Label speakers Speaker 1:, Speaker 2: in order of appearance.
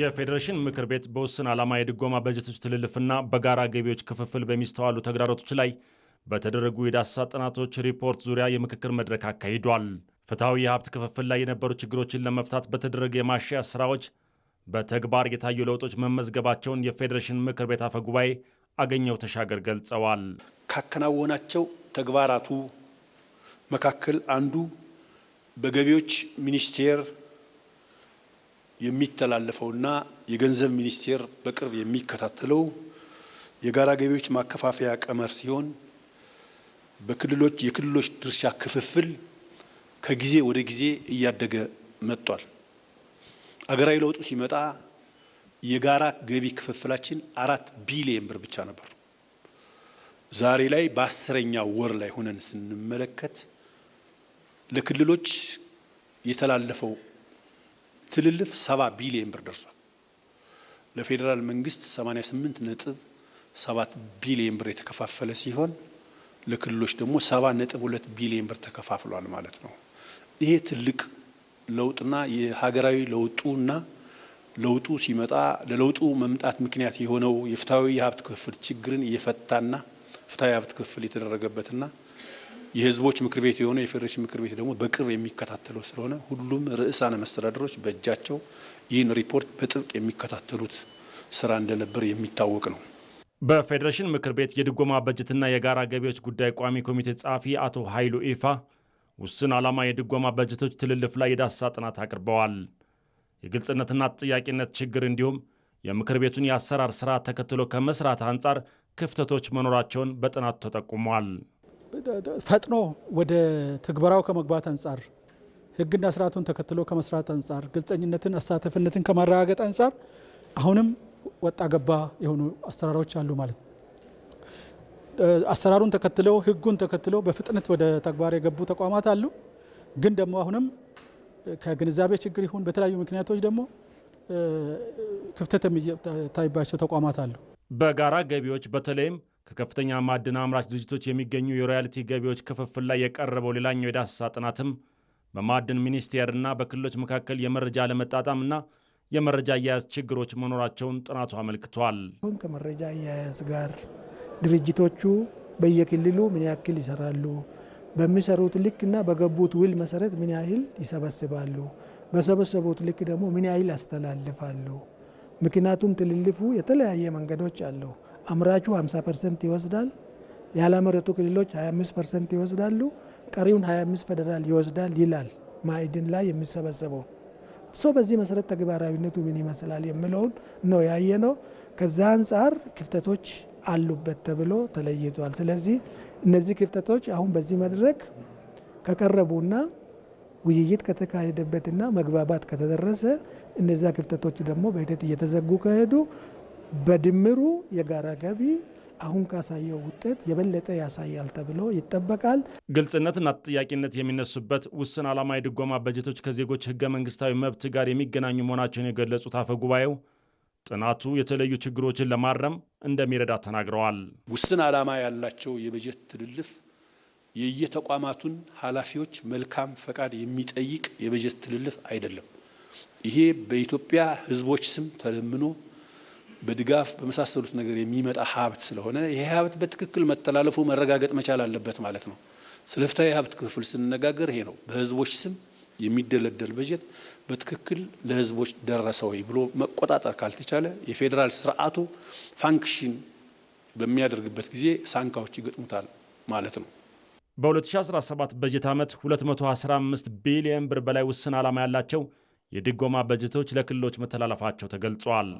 Speaker 1: የፌዴሬሽን ምክር ቤት በውስን ዓላማ የድጎማ በጀቶች ትልልፍና በጋራ ገቢዎች ክፍፍል በሚስተዋሉ ተግዳሮቶች ላይ በተደረጉ የዳሰሳ ጥናቶች ሪፖርት ዙሪያ የምክክር መድረክ አካሂዷል። ፍትሐዊ የሀብት ክፍፍል ላይ የነበሩ ችግሮችን ለመፍታት በተደረገ የማሻያ ስራዎች በተግባር የታዩ ለውጦች መመዝገባቸውን የፌዴሬሽን ምክር ቤት አፈ ጉባኤ አገኘው ተሻገር ገልጸዋል።
Speaker 2: ካከናወናቸው ተግባራቱ መካከል አንዱ በገቢዎች ሚኒስቴር የሚተላለፈውና የገንዘብ ሚኒስቴር በቅርብ የሚከታተለው የጋራ ገቢዎች ማከፋፈያ ቀመር ሲሆን በክልሎች የክልሎች ድርሻ ክፍፍል ከጊዜ ወደ ጊዜ እያደገ መጥቷል። አገራዊ ለውጡ ሲመጣ የጋራ ገቢ ክፍፍላችን አራት ቢሊየን ብር ብቻ ነበር። ዛሬ ላይ በአስረኛ ወር ላይ ሆነን ስንመለከት ለክልሎች የተላለፈው ትልልፍ 70 ቢሊዮን ብር ደርሷል። ለፌዴራል መንግስት 88 ነጥብ 7 ቢሊዮን ብር የተከፋፈለ ሲሆን ለክልሎች ደግሞ 70 ነጥብ 2 ቢሊዮን ብር ተከፋፍሏል ማለት ነው። ይሄ ትልቅ ለውጥና የሀገራዊ ለውጡና ለውጡ ሲመጣ ለለውጡ መምጣት ምክንያት የሆነው የፍትሐዊ የሀብት ክፍል ችግርን እየፈታና ፍትሐዊ የሀብት ክፍል የተደረገበትና የህዝቦች ምክር ቤት የሆነ የፌዴሬሽን ምክር ቤት ደግሞ በቅርብ የሚከታተለው ስለሆነ ሁሉም ርዕሳነ መስተዳድሮች በእጃቸው ይህን ሪፖርት በጥብቅ የሚከታተሉት ስራ እንደነበር የሚታወቅ ነው።
Speaker 1: በፌዴሬሽን ምክር ቤት የድጎማ በጀትና የጋራ ገቢዎች ጉዳይ ቋሚ ኮሚቴ ጸሐፊ አቶ ኃይሉ ኢፋ ውስን ዓላማ የድጎማ በጀቶች ትልልፍ ላይ የዳሰሳ ጥናት አቅርበዋል። የግልጽነትና ተጠያቂነት ችግር እንዲሁም የምክር ቤቱን የአሰራር ስርዓት ተከትሎ ከመስራት አንጻር ክፍተቶች መኖራቸውን በጥናቱ ተጠቁሟል።
Speaker 3: ፈጥኖ ወደ ትግበራው ከመግባት አንጻር ህግና ስርዓቱን ተከትሎ ከመስራት አንጻር ግልጸኝነትን፣ አሳተፍነትን ከማረጋገጥ አንጻር አሁንም ወጣ ገባ የሆኑ አሰራሮች አሉ ማለት ነው። አሰራሩን ተከትለው ህጉን ተከትለው በፍጥነት ወደ ተግባር የገቡ ተቋማት አሉ። ግን ደግሞ አሁንም ከግንዛቤ ችግር ይሁን በተለያዩ ምክንያቶች ደግሞ ክፍተት የሚታይባቸው ተቋማት አሉ።
Speaker 1: በጋራ ገቢዎች በተለይም ከከፍተኛ ማዕድን አምራች ድርጅቶች የሚገኙ የሮያልቲ ገቢዎች ክፍፍል ላይ የቀረበው ሌላኛው የዳሰሳ ጥናትም በማዕድን ሚኒስቴርና በክልሎች መካከል የመረጃ አለመጣጣምና የመረጃ አያያዝ ችግሮች መኖራቸውን ጥናቱ አመልክቷል።
Speaker 4: አሁን ከመረጃ አያያዝ ጋር ድርጅቶቹ በየክልሉ ምን ያክል ይሰራሉ፣ በሚሰሩት ልክና በገቡት ውል መሰረት ምን ያህል ይሰበስባሉ፣ በሰበሰቡት ልክ ደግሞ ምን ያህል ያስተላልፋሉ። ምክንያቱም ትልልፉ የተለያየ መንገዶች አለው። አምራቹ 50 ፐርሰንት ይወስዳል። ያላመረቱ ክልሎች 25 ፐርሰንት ይወስዳሉ። ቀሪውን 25 ፌዴራል ይወስዳል ይላል ማዕድን ላይ የሚሰበሰበው ሰው። በዚህ መሰረት ተግባራዊነቱ ምን ይመስላል የሚለውን ነው ያየነው። ከዛ አንጻር ክፍተቶች አሉበት ተብሎ ተለይቷል። ስለዚህ እነዚህ ክፍተቶች አሁን በዚህ መድረክ ከቀረቡና ውይይት ከተካሄደበትና መግባባት ከተደረሰ እነዚያ ክፍተቶች ደግሞ በሂደት እየተዘጉ ከሄዱ በድምሩ የጋራ ገቢ አሁን ካሳየው ውጤት የበለጠ ያሳያል ተብሎ ይጠበቃል።
Speaker 1: ግልጽነትና ተጠያቂነት የሚነሱበት ውስን ዓላማ የድጎማ በጀቶች ከዜጎች ህገ መንግስታዊ መብት ጋር የሚገናኙ መሆናቸውን የገለጹት አፈ ጉባኤው ጥናቱ የተለዩ ችግሮችን ለማረም እንደሚረዳ ተናግረዋል።
Speaker 2: ውስን ዓላማ ያላቸው የበጀት ትልልፍ የየተቋማቱን ኃላፊዎች መልካም ፈቃድ የሚጠይቅ የበጀት ትልልፍ አይደለም። ይሄ በኢትዮጵያ ህዝቦች ስም ተለምኖ በድጋፍ በመሳሰሉት ነገር የሚመጣ ሀብት ስለሆነ ይሄ ሀብት በትክክል መተላለፉ መረጋገጥ መቻል አለበት ማለት ነው። ስለ ፍትሐዊ ሀብት ክፍል ስንነጋገር ይሄ ነው። በህዝቦች ስም የሚደለደል በጀት በትክክል ለህዝቦች ደረሰ ወይ ብሎ መቆጣጠር ካልተቻለ የፌዴራል ስርዓቱ ፋንክሽን በሚያደርግበት ጊዜ ሳንካዎች ይገጥሙታል ማለት ነው።
Speaker 1: በ2017 በጀት ዓመት 215 ቢሊዮን ብር በላይ ውስን ዓላማ ያላቸው የድጎማ በጀቶች ለክልሎች መተላለፋቸው ተገልጿል።